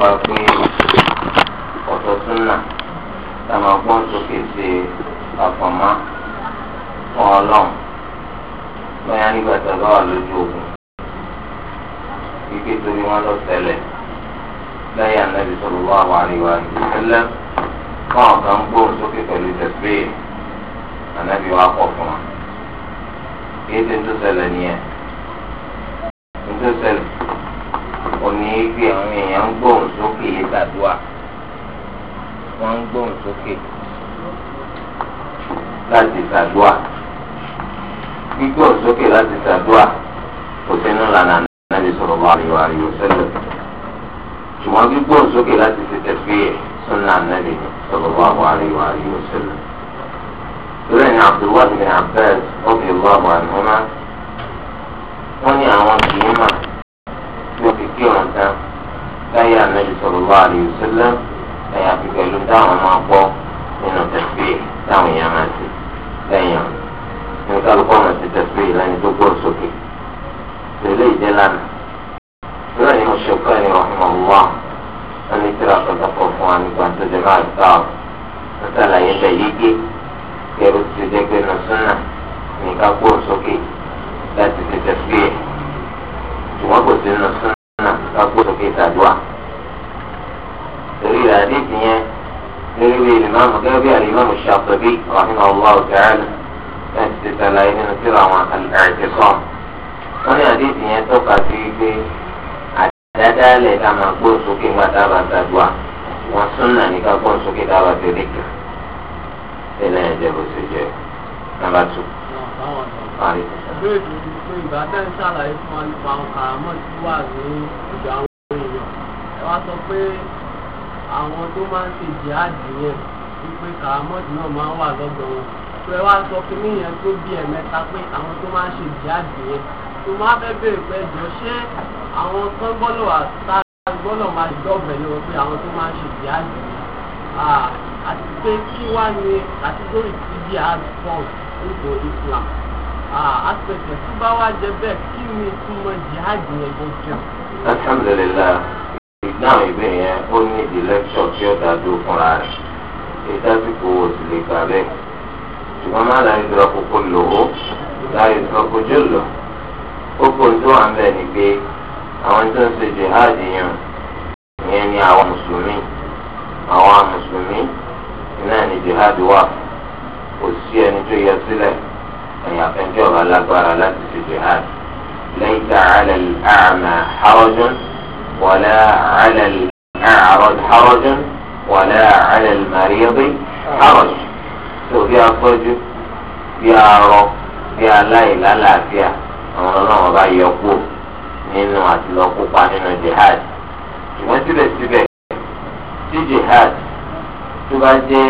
wa pé ọ̀tọ̀ súnà táwọn ọgbọ́n sókè ṣe àfọ̀mọ́ fún ọlọ́run lọ́yà nígbà tí a bá wà lójú ogun kíkẹ́ torí wọn lọ ṣẹlẹ̀ lẹ́yìn anábì sọ̀rọ̀ wá wà àríwá ìṣẹ̀lẹ̀ fáwọn kan gbóhùn sókè pẹ̀lú tẹ̀síì anábì wa kọ̀ fún wa kí ni tó ṣẹlẹ̀ nìyẹn tó ṣẹlẹ̀ òní gbé àwọn èèyàn gbóhùn kìí ṣàdúà wọ́n ń gbóhùn sókè láti ṣàdúà gbígbóhùn sókè láti ṣàdúà kò sínú lànà Ànábì sallallahu alaihi wa sallam ṣùgbọ́n gbígbóhùn sókè láti ṣe tẹ̀síyẹ̀ sunna Ànábì sallallahu alaihi wa sallam. لأن عبد الله بن عباس رضي الله عنهما وني عوان فيهما sallallahu alaihi wasallam ẹ̀yà fi pẹ̀lú táwọn máa gbọ́ nínú tẹ̀síì táwọn èèyàn máa ti lẹ́yìn nínú kálukú ọ̀nà ti tẹ̀síì lẹ́ni tó gbọ́ sókè tẹ̀lé ìdẹ́ lánàá. ìlú ẹ̀yìn oṣù kẹrin rahimahullah wọn ní tíra pẹ̀lú kọ̀ fún wa nígbà tó dé máa gbà ó wọn sàlàyé bẹ̀ yíké kẹrù ti dé pé nà súnà ní ká gbọ́ sókè láti ti tẹ̀síì ṣùgbọ́n kò sí nà súnà ká gbọ́ sókè tàdúrà àdéhùn yẹn lórí bí ìlímàmù gẹ́gẹ́ bí àlímàmù Ṣàtìbí rahimahullahu ta'ala láti ti sàlàyé nínú síra àwọn àìsíkọ́. wọ́n ní àdéhùn yẹn tọ́ka sí pé àdádálẹ̀ ká máa gbó sókè wá dábàá sàdúà wọ́n súnà ní ká gbó sókè dábàá sókè kà. tẹ́lẹ̀ ẹ̀jẹ̀ bó ṣe jẹ́ nàbà tù. ìbátan ṣàlàyé fún wa nípa àwọn kàrámọ́ tí wà ní ìjọ àwọn èèyàn ẹ wá sọ pé àwọn tó máa ń ṣe jihadi yẹn wípé kàrámọ́ọ̀dì náà máa ń wà lọ́dọ̀ wọn pé wá sọ pé níyẹn tó bí ẹ̀mẹ́ta pé àwọn tó máa ń ṣe jihadi yẹn tó máa fẹ́ bèrè pé jọ ṣé àwọn kan gbọ́dọ̀ àtà gbọ́dọ̀ máa dọ̀bẹ̀ lé wọn pé àwọn tó máa ń ṣe jihadi yẹn àti pé kí wá ní kàtígórì tí jihadi pọ̀ nígbò Islam aspect tó bá wá jẹ bẹ́ẹ̀ kí ni ìtumọ̀ jihadi yẹn gbọ́dọ̀. alhamdulilayi ìdáhùn ìbéèrè yẹn ó ní ìdí lẹ́kṣọ̀ tí ó dá dúró fúnra rẹ̀ èyí tásìkò owó sì lè gbà bẹ́ẹ̀ ṣùgbọ́n má láyé ìdúrà kókó lò ó láyé ìdúrà kojú lò kókó tó wà ń bẹ̀ ni pé àwọn tó ń ṣe jihad yẹn ìyẹn ni àwọn mùsùlùmí àwọn mùsùlùmí náà ni jihad wà kò sí ẹni tó yẹ sílẹ̀ ẹ̀yìn àfẹnjọba lágbára láti ṣe jihad lẹ́yìn tààlẹ̀ àmà àwọjọ́. ولا على الأعرج حرج ولا على المريض حرج tó bí afọ́jú bí arọ bí aláìlálàáfíà àwọn ọlọ́run bá yọ kú nínú àti lọ kópa nínú jihad ṣùgbọ́n síbẹ̀síbẹ̀ tí jihad tó bá jẹ́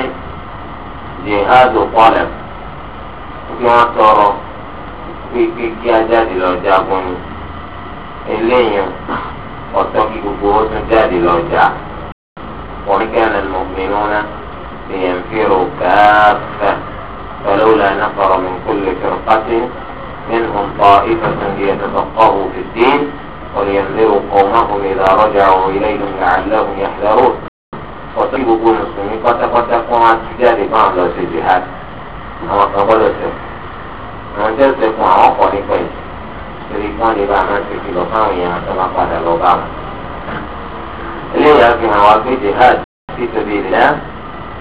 jihad òpọ́lẹ̀ kí wọ́n tọrọ pé kí kí ajáde lọ jagun ni eléyìí. وارتكبوا الجهود من جهد الرجعة وكان المؤمنون لينفروا كافة فلولا نفر من كل فرقة منهم طائفة ليتفقهوا في الدين ولينذروا قومهم إذا رجعوا إليهم لعلهم يحذرون وطيبوا بون السميقة فتقوا عن سجاد بعض الجهاد هو قبل السر وجلسوا مع وقوة torí kí wọ́n lè bá àwọn ṣèjì lọ fáwọn èèyàn tó máa padà lọ bá jihad fi sabilillah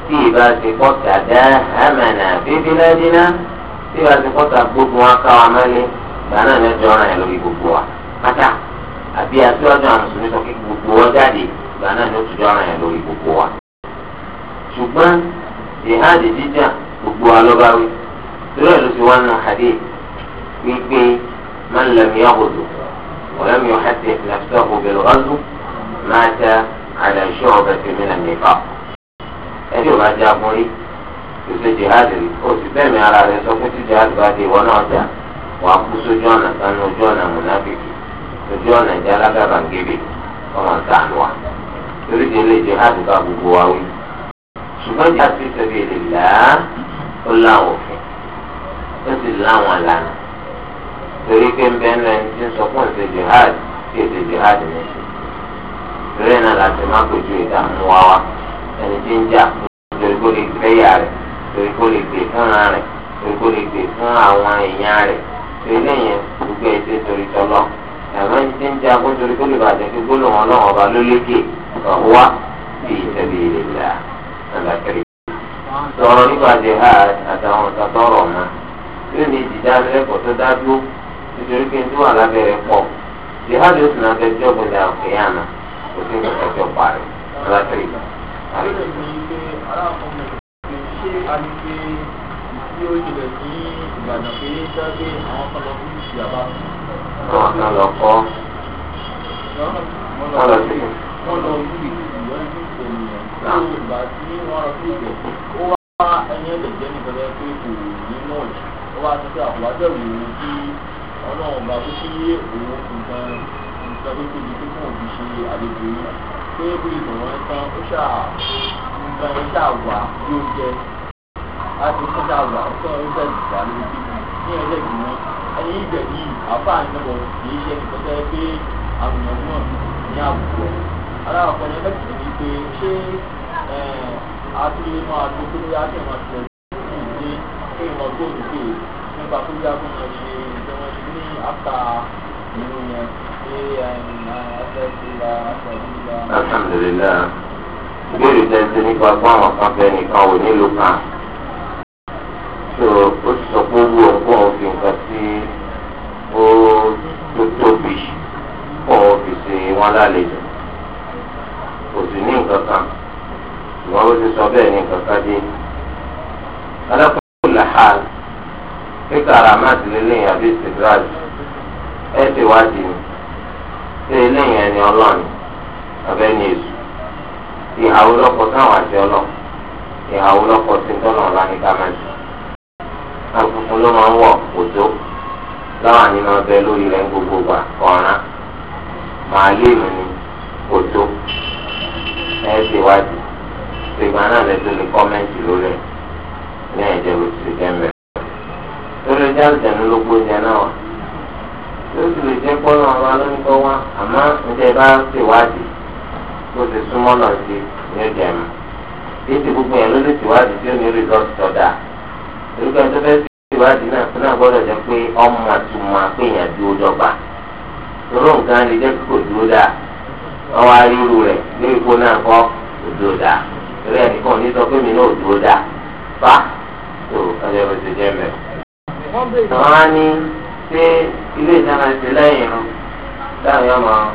tí ìbá ti kọ́ta dá hàmànà bíbí lẹ́dínà tí ìbá ti kọ́ta gbogbo wọn ká wa mọ́lẹ̀ gbaná ní ọjọ́ ọ̀ràn ẹ̀ lórí gbogbo wa pátá àbí aṣíwájú àwọn mùsùlùmí sọ pé gbogbo wọn jáde gbaná ní ọjọ́ ọ̀ràn ẹ̀ lórí gbogbo wa. jihad jíjà gbogbo wa ló bá wí torí ẹ̀ hadith wípé. من لم يغزو ولم يحدث نفسه بالغزو مات على شعبة من النفاق ẹni ò bá jẹ agbọn rí ṣíṣe jihad rí o sì bẹ́ẹ̀mí ara rẹ sọ pé tí jihad bá dé ìwọ náà dà wà á kú sójú ọ̀nà kanú ojú ọ̀nà mùnáfíkì ojú ọ̀nà ìjà alágàbàǹgẹ̀bẹ̀ ọmọ ntàn wa torí di ilé jihad bá gbogbo wa wí. ṣùgbọ́n jihad fi sẹ́bi èlè là á ó láwọn òfin ó sì láwọn àlànà torí pé ń bẹ́ẹ̀ náà ti ń sọ fún ìṣe jihad tí èdè jihad ní í ṣe. ìrẹ́ náà láti má kojú ìdààmú wa wa ẹni tí ń jà torí kó lè gbé ìyá rẹ̀ torí kó lè gbé fúnra rẹ̀ torí kó lè gbé fún àwọn èèyàn rẹ̀ torí lẹ́yìn gbogbo ẹ̀ ṣe torí tọ́lọ́ ẹ̀rọ ẹni tí ń jà kó torí kó lè bàjẹ́ pé gbólóhùn ọlọ́run ọba ló lékè ọ̀húwá bí ìtẹ̀bí ilẹ̀ ìlà àgbàkiri. sọ̀rọ̀ nípa jihad àtàwọn ọ̀tà tọ̀rọ̀ ọ̀ma yóò ní ìdídá lẹ́kọ̀ọ́ tó dájú nítorí pé tí wà lábẹ́rẹ́ pọ̀ jihad yóò sì náà fẹ́ jọ́ gbẹ̀dẹ̀ àkèyànà kò sí nǹkan kan jọ parí látìrì. ṣé a ní pé tí ó jìnlẹ̀ sí ìgbàdàn pé dágbé àwọn kan lọ sí ìyàbá? àwọn kan lọ kọ́ wọ́n lọ sí wọ́n lọ sí ìyọ́njú ènìyàn tó ìgbà tí wọ́n lọ sí ìgbẹ̀ ó wá ẹni ẹ̀jẹ̀ jẹ́ nìkan lẹ́yìn pé kò ní mọ̀ọ́lù ó wá sọ pé àkùwájọ́ ìlú tí ọlọ́run bá tó ṣe ní òun nǹkan nǹkan tó tóbi tó fún òbí ṣe àlejò yìí pé bí ìbọ̀wọ́ ń tán ó ṣà nǹkan ẹ̀ ṣà wà bí ó jẹ láti ó ṣà wà ó tán ó ṣàlù wà lórí bíbí ní ẹ̀jẹ̀ gbìmọ̀ ẹ̀yìn ibẹ̀ yìí àbá ìnáwó kì í ṣe nǹkan tẹ́ pé àwọn náà ní àbùkù aláwọ̀kọ́ ni ẹlẹ́sìn ní pé ṣé àtúnyẹ máa tó kó lóyá kí wọ́n ti ẹ̀ ní ìdí kí wọ́n gbóòdù pé nípa tó yá kó máa after communion pé ẹsẹ̀ ti ra pẹ̀lú ìlà. alhamdulilayi ìbéèrè tẹ̀sí nípa fún àwọn kan fẹ́ nìkan ò nílò kan so ó sọ pé owó ọgbọ́n òfin kan tí ó tóbi kọ́ ọ́fíìsì wọn lálejò kò sí ní nǹkan kan ìwọ́n ó ti sọ bẹ́ẹ̀ ní nǹkan kan dé alákòókò làhálà kíkà àràmá àtìlẹ́yìn àbí ìsìnkú àjò. síwájú ni ṣé eléyìí ẹni ọlọ́run abẹ́ ni èṣù ìhàwó lọ́kọ̀ táwọn àti ọlọ́ ìhàwó lọ́kọ̀ tí ń tọ́nà ọ̀la ní kámẹ́sì alùpùpù ló máa ń wọ̀ òjò láwọn nínú ọbẹ̀ lórí rẹ̀ gbogbo gbà ọ̀ràn màálíìmù ni òjò ẹ náà lè kọ́mẹ́ǹtì lórí ẹ̀ ní ẹ̀jẹ̀ ló lójú ìjẹ́ pọ́nà ọba ló àmọ́ ǹjẹ́ bá ṣèwádìí bó ti súnmọ́ náà sí ní ó ti gbogbo yẹn ló lè tí ó ní rìsọ́ọ̀tì tọ́da orúkọ tó fẹ́ náà fún náà gbọ́dọ̀ jẹ́ pé ọmọ àpéyàn dúró dọ́gba nǹkan lè jẹ́ dúró rẹ̀ ní ipò náà kọ́ ilé ìdáná ti lẹ́yìn irun táwọn yóò máa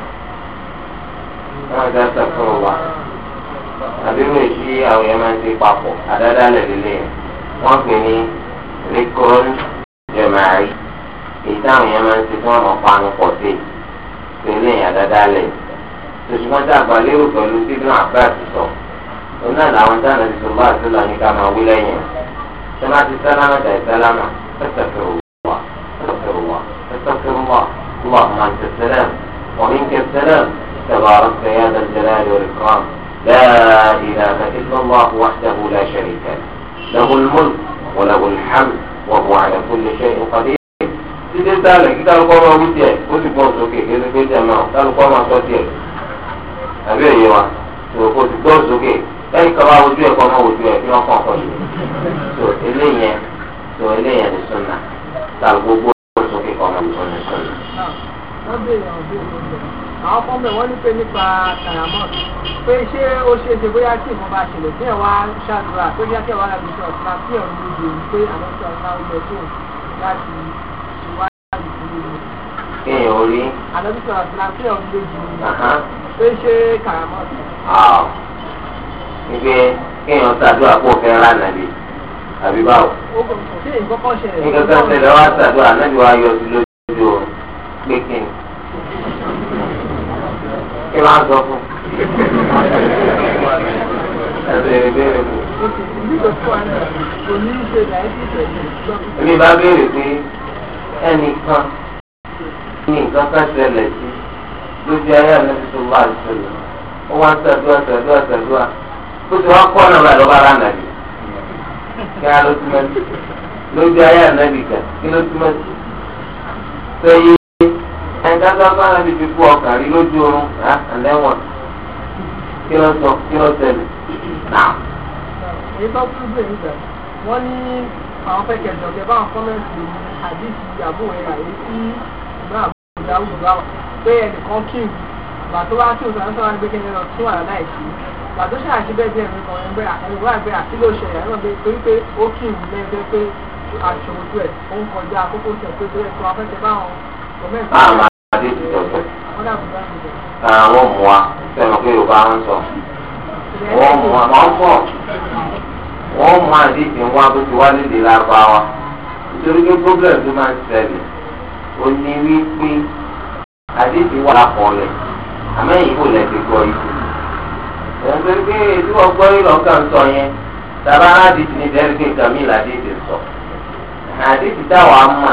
wọn dá sọfún wa àbí mi sí àwọn yẹn máa ń ti papọ̀ àdáda lẹ́lẹ́lẹ́ wọ́n pè ní rikon jẹ̀màrí èyí táwọn yẹn máa ń ti fún ọmọ panu pọ̀ sí ìpínlẹ̀ yẹn lẹ̀ tòṣùwọ́n tá a gbà lérò pẹ̀lú sídùn àbá ti sọ òun náà làwọn táwọn ti sọ bá àti lọ́nìkà máa wí lẹ́yìn sọ́mà ti sálámà tàì sálámà ẹ̀sẹ̀ السلام تبارك يا ذا الجلال والإكرام لا إله إلا الله وحده لا شريك له الملك وله الحمد وهو على كل شيء قدير سيدي تعالى كي تعالى قوما ودي ودي بوز اوكي كي تعالى قوما ودي تعالى قوما ودي ابي ايوا ودي بوز اوكي اي كما ودي قوما ودي في ما قوما ودي سو اللي هي سو اللي هي السنة تعالى قوما ودي قوما ودي السنة ابي ابي àwọn kan bẹ̀ wọ́n ní pé nípa karamọ́t pé ṣé ó ṣe ṣe bóyá tí ìbọn bá ṣẹlẹ̀ tí ẹ̀ ṣàdúrà pé bí akẹ́wà rà lóṣù ọ̀sán tí ẹ̀ ń lóye pé àwọn ṣe ọ̀sán ó lọ tó láti wá ìdílé rẹ̀. kí ni orí. àlọ́ bí sọ̀rọ̀ ọ̀sán tí ẹ̀ ń pé ṣé karamọ́t. ìgbé kí ni ọ̀sán kó fẹ́ rà nàbí àbí báwo. ó kò ń sọ fún un. Ibi bá béèrè pé ẹnìkan ní nǹkan kan ṣẹlẹ̀ sí lójú ayé àlejò tó wà ìṣẹ̀lẹ̀. Ó wá ń ṣàdúrà ṣàdúrà ṣàdúrà. Ó ti wá kọ́ ọ̀nà lọ́ba ara nàbì. Kí á ló túmọ̀ sí? Lójú ayé ànábì kan, kí ló túmọ̀ sí? Sẹ́yìn dáńgá fáwọn ẹbí fi bú ọkà rí lójú oorun àtàlẹ́wọ̀n kí ló sọ kí ló tẹ̀lé. èyí tó kú bẹ́ẹ̀ nígbà wọ́n ní àwọn fẹ́ kẹjọ kẹ báwọn kọ́mẹ́ǹtì àdìsí àbúrò ẹ̀ àyè sí ìgbà àbúrò dáwùjọ báwọn pé ẹnìkan kí ìwé ìgbà tó wá kí òṣèlú àti sọ́wọ́n gbẹ́kẹ́ ní lọ tún àlá ìṣe ìgbà tó ṣàṣì bẹ́ẹ̀ bẹ́ẹ̀ mi ẹ̀ ń bẹ́ẹ̀ tó afẹ́fẹ́ báwọn gọ́mẹ̀ntì adé ti wa sẹ́nu pé yorùbá ń sọ wọ́n mú wa wọ́n pọ̀ wọ́n mú adé ti bó ti wá lédè lárúbáwá nítorí pé problem tó máa ń ṣẹlẹ̀ ó ní wípé adé ti wà lápọ̀ rẹ̀ kò lẹ́ ti gbọ́ yìí ẹ̀sìn pé tí wọ́n gbọ́ yìí sọ yẹn tàbá adé ní dẹ́rẹ́dẹ́ kàmí làdé sọ àdé ti táwọn á mà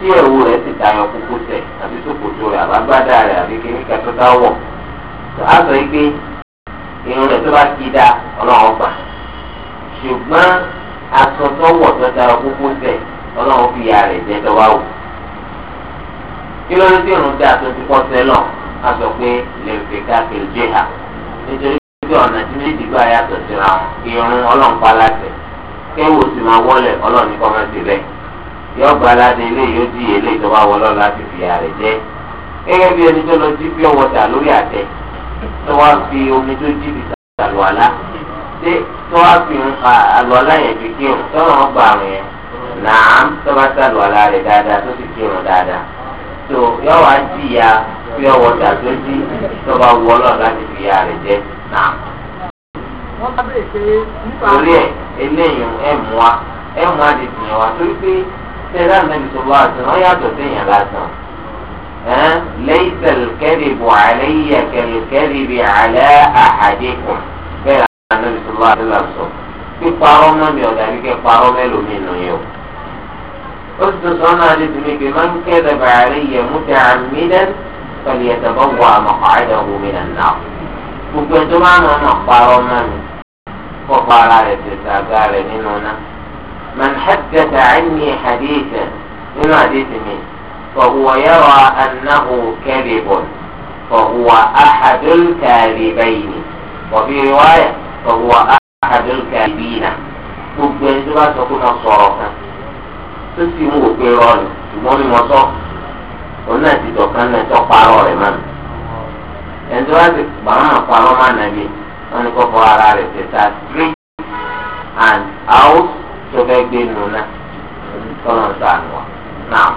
tí ẹ̀wù rẹ̀ ti tayọ kókó tẹ̀ àbí ṣòkòtò rẹ̀ àbágbádá rẹ̀ àbí tó dáwọ̀ tó á irun rẹ̀ tó bá ti da ọlọ́run gbà ṣùgbọ́n aṣọ tó wọ̀ tó tẹ̀ ọlọ́run fi ya rẹ̀ wò. kí irun dá tó ti pọ́ sẹ́lọ̀ sọ pé lè fi káàkiri jẹ́ hà nítorí pé ọ̀nà tí méjì gbà yàtọ̀ síra irun ọlọ́run pa yọ gbalade eléyìí ó di eléyìí ti fi ààrẹ jẹ gẹ́gẹ́ bí ẹni tó jí pure water lórí àtẹ tó fi omi tó jí ṣé tó wá fi yẹn fi gba àrùn yẹn tó bá dáadáa tó dáadáa tó wá pure water tó jí tó bá fi jẹ torí mú wa mú torí سيدنا النبي صلى الله عليه وسلم يقعد الدنيا بقى ليس الكذب علي كالكذب على احدكم كان النبي صلى الله عليه وسلم في فارون من يودعني كي فارون ميلو منه يو قلت صنع لدني بمن كذب علي متعمدا فليتبوع مقعده من النار ممكن معنا انا فارون من فقال على التساقال منه من حدث عني حديثا من حديث من فهو يرى أنه كذب فهو أحد الكاذبين وفي رواية فهو أحد الكاذبين gbogbo ẹni tó bá sọ pé mo sọ̀rọ̀ kan tó sì ń wò pé rọrùn ṣùgbọ́n ni mo sọ òun náà ti dọ̀kan náà tó parọ́ rẹ̀ mọ́ ẹni tó bá sì bàmọ́ parọ́ má nàbí wọn ni kò fọ ara rẹ̀ tẹ̀ta straight gbé nù náà tọ́lọ̀ ń sàn wà. náà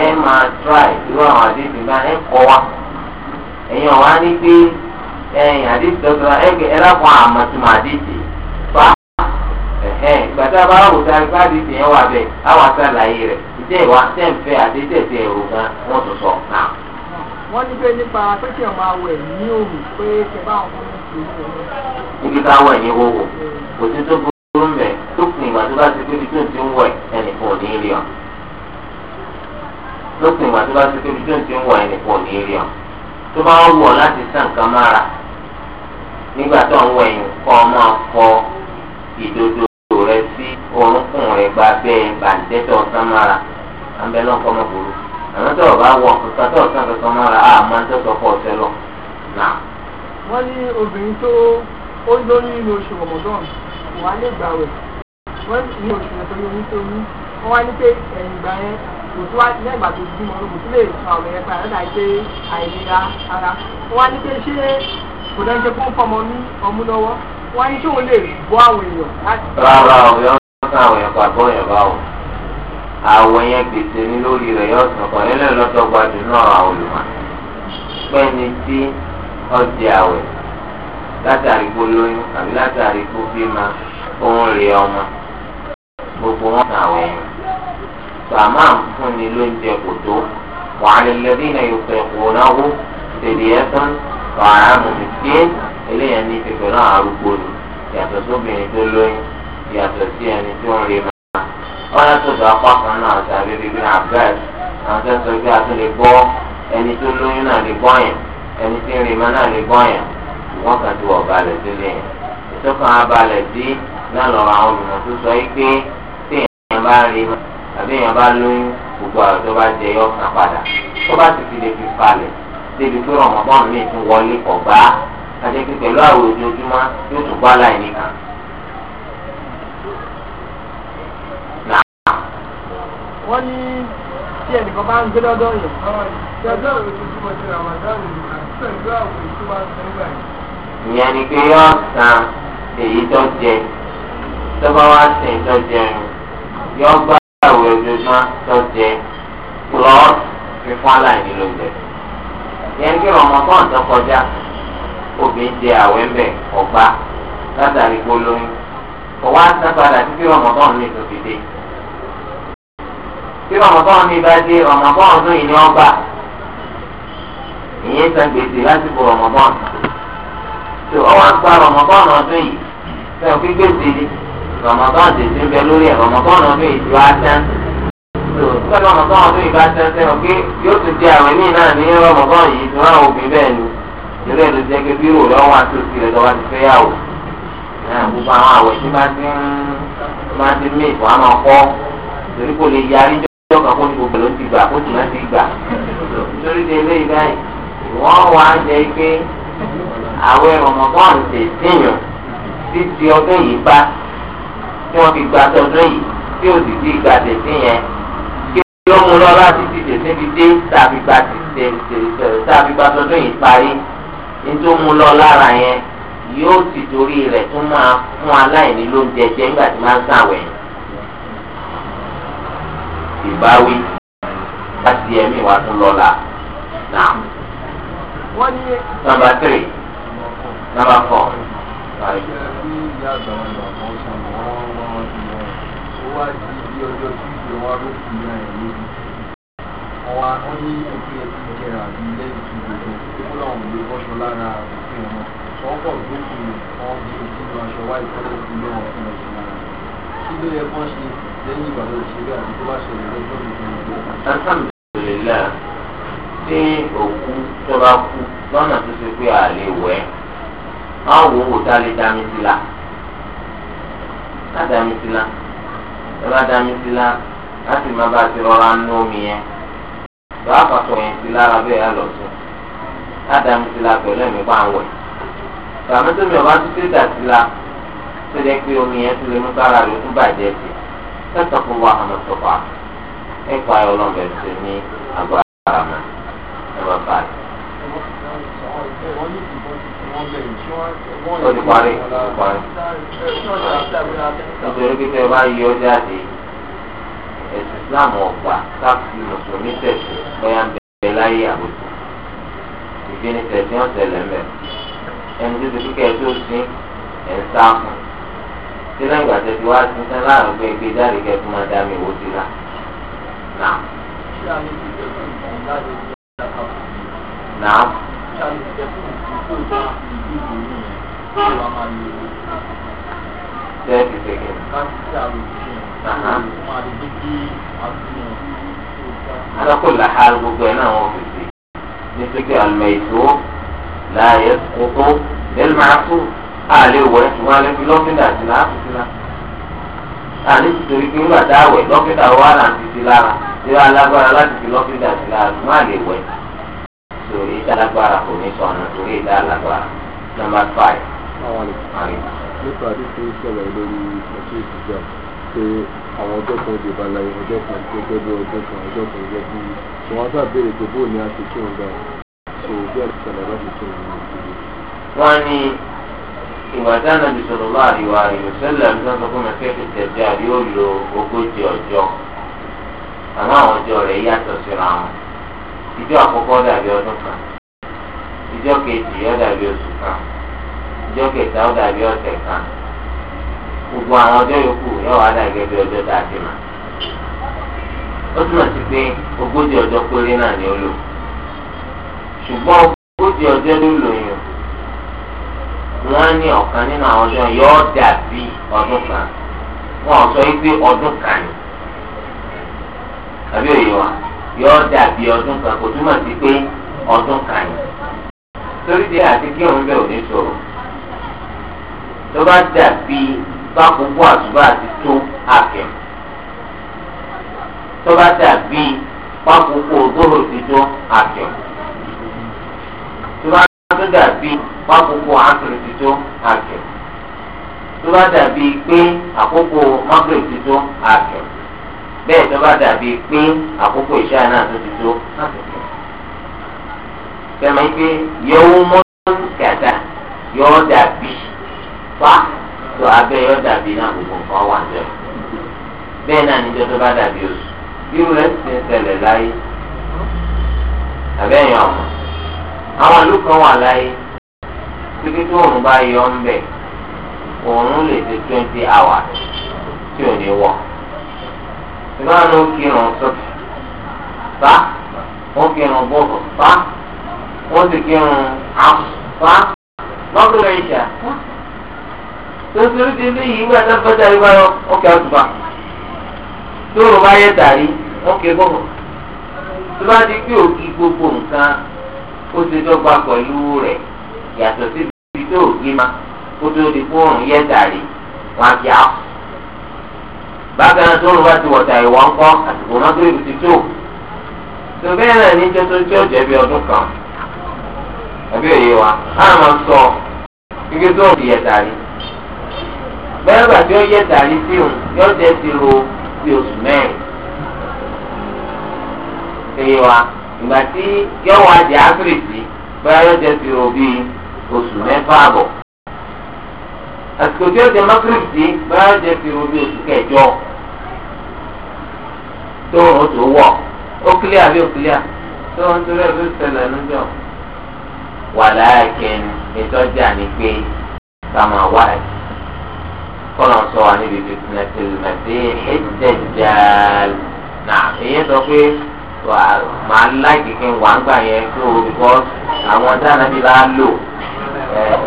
ẹ máa try irú àwọn àdéhùn náà ẹ wa ẹ̀yin ọ̀wá ní pé ẹ̀yin ẹ lápò àmọ̀tìmọ̀ àdéhùn fa ìgbà a bá wò sáré bá yẹn wà bẹ́ẹ̀ á wà rẹ̀ ní pé nípa ní òru pé bá wọn fún mi. níbi níbi tí o ti ń wọ̀ ẹnìkan ò ní rí ọ lópin ìgbà tó bá ti tóbi tí o ti ń wọ̀ ẹnìkan ò ní rí ọ tó bá ń wọ̀ láti sàn kan mára nígbà tó ń wọ̀ ẹ̀yìn kọ́ ọ máa fọ ìdodo rẹ sí orúnkún rẹ gba bẹ́ẹ̀ bàǹtẹ́tọ̀ sàn mára àbẹ̀lọ́kọ́ mọ̀ burú àmọ́ tó o bá wọ̀ kankan tó o sàn kankan mára àmọ́ tó sọ fọ́ ọ̀sẹ̀ lọ náà wọ́n ní obìnrin tó ó lóyún nínú oṣù rọ̀mọ̀dọ́n wà lè gbà wẹ̀ wọ́n sì ní oṣù yẹn torí oyún tó ní wọ́n wá ní pé ẹ̀yìn ìgbà yẹn kò tó wá ní ẹ̀gbà tó bímọ ló kò tó lè sọ àwọn ẹ̀yẹ pa ẹ̀dá ìpè àìlera ara wọ́n wá ní pé ṣé kò dẹ́n ṣe fún fọmọ ní ọmú lọ́wọ́ wọ́n ní ṣé òun lè bọ́ àwọn èèyàn láti. rárá o yọ ọ́n àwọn èèyàn pàtó yẹn bá o àwọn yẹn gbèsè ní lórí rẹ̀ yọ ọ̀sán kan nílẹ̀ lọ́dọ̀ gbadun náà àwọn olùmọ̀ pẹ́ni tí ọ̀dẹ̀ gbogbo wọn kà wẹ̀ sàmà fúnni ló ń jẹ kòtó wàhálà lẹ́bí náà yóò fẹ́ kó náà wó tèdè ẹ̀sán wàhálà mọ̀mí ké eléyà ní pẹ̀pẹ̀ náà arúgbó ni yàtọ̀ sóbìnrin tó lóyún yàtọ̀ sí ẹni tó ń rí ma wọ́n yàtọ̀ tó apá kan náà tàbí bíbí náà gáàsì àwọn tó ń sọ pé a tún lè gbọ́ ẹni tó lóyún náà lè gbọ́ yẹn ẹni tí ń rí ma náà lè gbọ́ yẹn wọ́n kàn ti wọ̀ balẹ̀ sílẹ̀ ìtọ́kàn abalẹ̀ sí náà lọ́rọ̀ èèyàn bá rí mọ àbí èèyàn bá lóyún gbogbo àwọn tó bá jẹ yọ kàn padà tó bá ti fi lè fi falẹ̀ débi tó rọmọbọ́n mi tún wọlé ọ̀gbá àti pẹ̀lú àwọn ojoojúmọ́ yóò tún bá láì nìkan. wọ́n ní tí ẹnìkan bá ń gbé lọ́dọ̀ yẹn. ìdájọ́ àwọn ojoojúmọ́ ti ra màdáàmù àti pẹ̀lú àwọn èyí tó bá ń sẹ́yìn báyìí. ìyẹn ni pé yọ san èyí tó jẹ tó bá wá sẹ́yìn tó jẹun yọ gbá àwẹ̀ ojoojúmọ́ tó jẹ plus fífún aláìní ló jẹ. yẹn kí Ramadan tó kọjá obìnrin jẹ àwẹ̀ ńbẹ ọ̀gbá látàrí gbólóyún ọwọ́ àti padà sí kí Ramadan ní tòkì dé. tí Ramadan ní bá dé Ramadan ní ìní ọgbà ìyẹn san gbèsè lásìkò Ramadan. tó ọwọ́ àgbà Ramadan ọdún yìí fẹ́ràn kí gbèsè ni rọmọdán tètè ń bẹ lórí ẹ rọmọdán ọdún ìjọ atán tó pẹ́ rọmọdán ọdún ìjọ atán sẹ́wọ̀n pé yóò tún jẹ àwọn ẹ̀mí náà ní rọmọdán yìí tí wọ́n àwọn òbí bẹ́ẹ̀ ni ìrẹ́ ló jẹ́ pé bírò lọ́wọ́ àtúntì rẹ̀ lọ́wọ́ ti fẹ́ yà wò gbogbo àwọn àwẹ̀ tí máa ti ń máa ti mí ìfọ̀ àmọ́ kọ́ torí kò lè yarí jọ́ kan kó ní gbogbo ló ti gbà kó tì máa ti gbà torí de eléyìí báyìí wọ́n wá jẹ́ pé àwẹ̀ rọmọdán tètè yàn títí ọdún yìí bá tí wọ́n fi gba tọdún yìí tí ó sì di ìgbà tètè yẹn kí ó mú lọ́la títí tètè fi dé tàbí gba tàbí gba tọdún yìí parí ní tó mú lọ lára yẹn yóò ti torí rẹ̀ tún máa fún aláìní lóúnjẹ jẹ nígbà tí máa ń sàwẹ̀ yẹn ìbáwí láti ẹ̀mí wa tún lọ́la náà. Nàmbà tírì, nàmbà fọ̀ wá di ibi ọjọ́ tuesday wọn wá ló kù ní àyè lórí ọwọ́ wọn ní òfin ẹtì jẹrà àbí lẹ́yìn tuesday tó kó láwọn òbí bọ́ṣọ lára òfin ọ̀nà sọ wọ́n pọ̀ wọn bí ojú ní aṣọ wá ìtọ́jú sí lọ́wọ́ fún ẹ̀sìn lára kí ló yẹ kán ṣe lẹ́yìn ìbàdàn òṣèré àti tó bá ṣẹlẹ̀ lọ́jọ́ ìgbìmọ̀ alhamdulilayi tí òkú tó kú lọ́nà tó ṣe pé àlè wẹ̀ máa wò ó tá a lè sí la. dá mi sí la lọ́la dá mi sí la láti má bá a ti rọra nú omi yẹn lọ́wọ́ àpapọ̀ yẹn sí lára bẹ́ẹ̀ á lọ sùn láti dá mi sí la pẹ̀lú ẹ̀mí bá ń wẹ̀ tàbí tó mi ò bá tún sí dà sí la tó jẹ́ pé omi yẹn tó lè mú bára rẹ̀ tún bàjẹ́ sí lọ́tọ̀ fún wa àmọ́ sọ̀kọ́ ẹ̀kọ́ ayọ̀ lọ́mọbẹ̀ tó ní àgbà àràmà ẹ̀ má bàjẹ́. ó ti parí ó ti parí nítorí pé bá yọ jáde ẹ̀sìn islam ọ̀gbà káfí mùsùlùmí tẹ̀sí bóyá ń bẹ láyé àbùkù ìgbéni tẹ̀sí ọ̀sẹ̀ lẹ́mẹ̀ ẹni tó ti kíkẹ́ tó sí ẹ̀ ń sá fún tí lẹ́yìn ìgbà tẹ̀sí wá sí sẹ́ láàrún pé gbé jáde kẹ́ máa dá mi wò sí la nà. nà jẹ́ kìkìkì. alákòlá ha gbogbo ẹ̀ náà wọ́n fi sí ní pípẹ́ àlùmọ̀ ètò láàyè kókó lẹ́nu máa tó àlè wẹ̀ ṣùgbọ́n alẹ́ fi lọ́fíńdà sí láàpù sí láàpù àní torí pé nígbà tá a wẹ̀ lọ́fíńdà wà láti fi lára tí ìdá alágbára kò ní sọnù torí ìdá alágbára number five. nípa àdìsí ìṣẹ̀lẹ̀ lórí ọjọ́ ìṣìjà pé àwọn ọjọ́ kan di ìbàláyé ọjọ́ kan tó gbẹ́ bí ọjọ́ kan ọjọ́ kan gbẹ́ bí wọ́n sábẹ́ ètò bóò ní aṣojú ọ̀gá so bí àṣìṣẹ̀lẹ̀ bá ti tó ìwọ̀n ìṣòro. wọ́n ní ìwà dáná bí sọ̀rọ̀ bá àríwá àríwá sẹ́lẹ̀ ń sọ fún mẹ́kẹ́kẹ́ tẹ̀já yóò lo ogójì ọjọ́ àmọ́ àwọn ọjọ́ rẹ̀ yàtọ̀ síra wọn ìjọ àkọ́kọ́ dàbí ọdún kan ìjọ kejì ó dàbí oṣù kan ìjọ kẹta ó dàbí ọ̀sẹ̀ kan gbogbo àwọn ọjọ́ yòókù yóò wá bí ọjọ́ a ti ó túmọ̀ sí pé ogójì ọjọ́ péré náà ni ó lò ṣùgbọ́n ogójì ọjọ́ ló lò yàn wọ́n ní ọ̀kan nínú àwọn ọjọ́ yóò dàbí ọdún kan wọ́n sọ wípé ọdún kan ni àbí òye wa yóò dàbí ọdún kan kò túmọ̀ sí pé ọdún kan ni. torí di àti kí òun bẹ òní sòrò tó bá dàbí bákòókò àtúbà àti tó àkẹ́ tó bá dàbí bákòókò òdòrò ti tó àkẹ́ tó bá tó dàbí bákòókò àtúrò ti tó àkẹ́ tó bá dàbí pé àkókò mọ́tò ti tó àkẹ́ bẹ́ẹ̀ tó bá dàbí pé àkókò ìṣáà náà tó ti tó àkẹ́. sẹ́mi pé yẹ̀wò mọ́tò kẹta yọ̀ dàbí fa tó abẹ́ yọ̀ dàbí náà gbogbo nǹkan wà jẹ́ bẹ́ẹ̀ náà níjọ́ tó bá dàbí oṣù irú rẹ̀ ti ń ṣẹlẹ̀ láyé àbẹ́yẹn ọ̀mọ̀ àwọn ìlú kan wà láyé títí tí òun bá yọ ń bẹ̀ òun lè ṣe twenty hours tí ò ní wọ̀ kírun wọ́n ti kírun àfà lọ́kùnrin ìṣà tuntun ti ní yìí gbà náà fẹ́jà yìí báyọ̀ ọkẹ́ àtùbà tóòrò bá yẹ dàrí ọkẹ́ gbọ́mọ̀ tó bá di pé òkì gbogbo nǹkan ó ti dọ́gba pẹ̀lú rẹ̀ yàtọ̀ sí ibi tó òkì ma kó tó di pé òrùn yẹ dàrí wọn àti àfọ bákan náà tóòrò bá ti wọ̀tà ìwọ̀n kọ́ àtùkù náà tó ìrù tó tó náà ní jẹ́ tó jẹ́ ọ̀jẹ̀ ọdún kan àbí òye wa á máa sọ ibi tó ń yẹ tàrí bẹ́ẹ̀ bá tí ó yẹ tàrí sí òun yóò jẹ́ ti ro ti oṣù mẹ́rin òye wa ìgbà tí yóò wá di áfíríkì bẹ́ẹ̀ yóò jẹ́ ti ro bíi oṣù mẹ́fà àbọ̀ àsìkò tí ó jẹ mọ́kírìkì sí bẹ́ẹ̀ yóò jẹ́ ti ro bíi oṣù kẹjọ tó ń tó wọ̀ ó kílíà bí ó kílíà tó ń tó rẹ̀ ló ṣẹlẹ̀ lójọ́ wàláàkín ìtọ́jà ni pé sàmà wáyé kọ́nà sọ wà níbi fìtìmẹ̀tì mẹ̀tì ẹ̀jẹ̀jẹ̀ náà èyí sọ pé màá láìkì kí n wà ń gbà yẹn tó o because àwọn dáná bí bá lò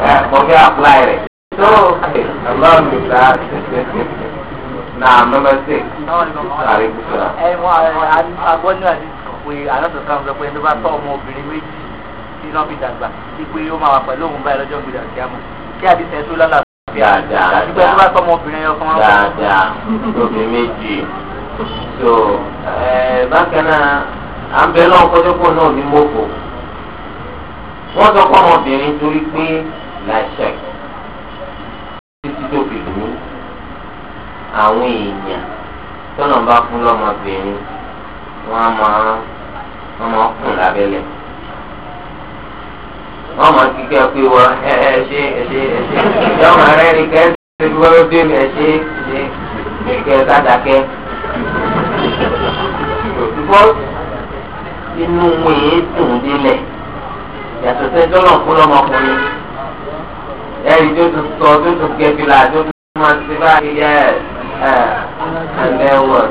ẹ kọ́ fẹ́ apply rẹ̀. so ọlọ́run mi ta na number six. ẹ wọ́n àgbọ̀nú àti pé àlọ́ tó kàn sọ pé ẹni bá tọ́ ọmọ obìnrin méjì tí lọ́ọ́ fi dàgbà wípé ó máa wà pẹ̀lú òun báyìí lọ́jọ́ gbèdà sí àmọ́ kí àdìsẹ́ tó lálà fi àdá àti pé wọ́n bá tọ́ ọmọbìnrin yẹn fún wọn. dáadáa lóbi méjì so bákan náà à ń bẹ lọ́wọ́ kọ́jọ́pọ̀ náà ní mọ́kò wọ́n sọ fún ọmọbìnrin torí pé làṣẹ títí tó fi lù ú àwọn èèyàn tọ́nà bá fún lọ́mọbìnrin wọ́n á máa wọ́n máa kùn lábẹ́lẹ̀ wọ́n máa ti kẹ́ pé wọ́n ẹ ẹ ṣe ẹ ṣe ẹ ṣe yọ máa rẹ́ ni kẹ́ ṣe fi wọ́n dé ẹ ṣe ẹ ṣe kẹ́ sádàkẹ́. Bọ́ inú wọn yéé dùn délẹ̀ yàtọ̀ sẹ́jọ́ náà fún ọmọkùnrin ẹ̀rí tó tún sọ tó tún gẹ̀bìlà tó tún máa ti báyìí yẹ ẹ̀ ẹ̀ ẹ̀ lẹ́wọ̀n.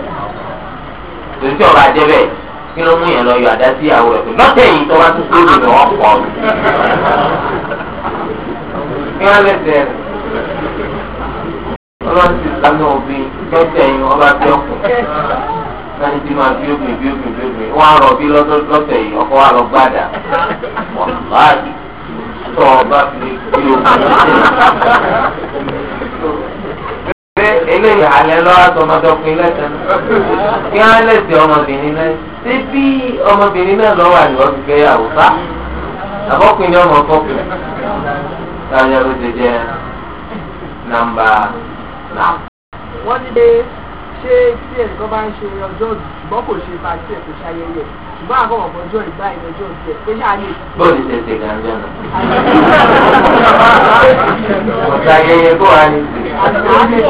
Tòun tí ọba jẹ́ bẹ́ẹ̀. kí ló mú yẹn lọ yọ àdá sí ìyàwó rẹ̀ lọ́tẹ̀ yìí tó bá tún sí ìlú wọn pọ̀ ọ́. kí wọ́n lè tẹ̀ ọlọ́run ti òbí lọ́tẹ̀ yìí wọ́n bá tẹ́ ọkùn láti ti máa bí obìnrin bí obìnrin bí obìnrin wọ́n á rọ̀ bí lọ́tẹ̀ yìí ọkọ̀ wa lọ gbàdà wọ́n bá fi bí obìnrin. ilé ìhàlẹ́ lọ́wọ́ tó ọmọdọ́kùnrin lẹ́sẹ̀ náà kí wọ́n lẹ́sẹ̀ ọmọbìnrin náà ṣé bí ọmọbìnrin náà lọ́wọ́ àlùwọ́ fi fẹ́ yàwó bá àbọ̀kùnrin ọmọ kọ́kùnrin káyọ̀ ló ti jẹ́ nàmbà náà. wọ́n ti dé ṣé tí ẹnìkan bá ń ṣe ọjọ́ ìgbọ́kọ̀ ṣe bá tí ẹ̀ kò ṣayẹyẹ ṣùgbọ́n àbọ̀ ọ̀pọ̀ ọjọ́ ìgbà ìrẹ́jọ́ ìjẹ́ pé bọ́ọ̀lù ṣe ṣe gàdúrà náà. ayẹyẹ kó wa ní. ọmọ tuntun dé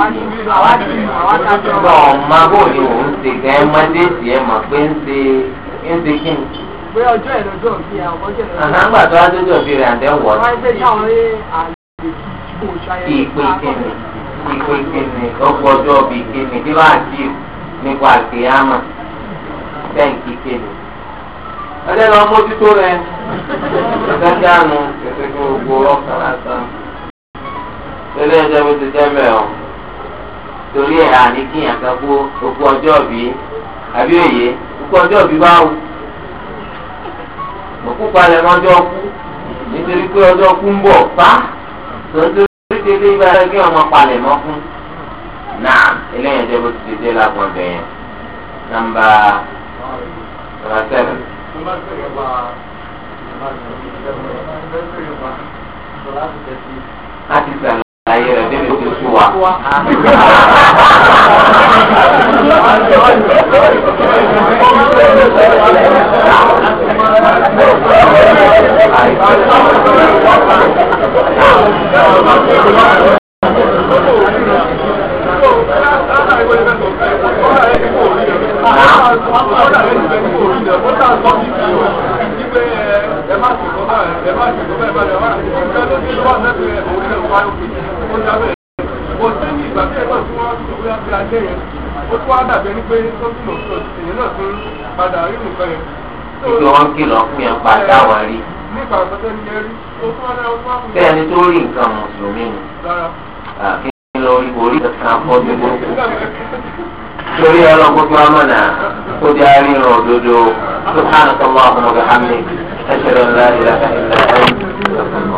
òun ṣe gan ẹ̀ máa dé sí ẹ̀ pé ń ṣe ń ṣe kí ni pé ọjọ́ ẹ̀ bí i àwọn ọjọ́ ẹ̀. tó wá dójú òbí rẹ̀ àdéhùn wọ́n. wọ́n ṣe ní àwọn ẹ̀ àlejò ìpè kẹ́mi kíkó kíni ọgbọdọ bíi kíni kí ló àti nípa àgbéyàmà bẹ́ǹkì kíni. ọjọ́ ìlú ọmọdútó rẹ̀ ọ̀gájà nù kẹsẹ̀ kí gbogbo ọkàn lásán. ilé ẹjọ́ bó ti jẹ́ bẹ́ẹ̀ o torí ẹ̀ àní kíyàn kan kú okú ọjọ́ bíi àbí òye okú ọjọ́ bíi báwo. òkú palẹ̀ mọ́jọ́ kú nítorí pé ọjọ́ kú ń bọ̀ pa tòun tó dédé gbára kí ọmọ palẹ̀ mọ́ fún. náà eléyìí jẹ́ bó ti dédé lágbọ̀n bẹ̀ yẹn. nàmbà nàmbà sẹ́fẹ̀. láti sàlàyé rẹ̀ débi tó sú wa. Thank you. pé wọ́n kìlọ̀ fún yẹn pa táwọn rí. kí ẹni tó rí nǹkan mùsùlùmí ni kí ló rí orí kankan fọ́jú gbogbo. torí ẹ lọ gbogbo amọ̀nà kó di arírun òdodo subhanaka allahumma wa bihamdik ashhadu an la ilaha illa anta.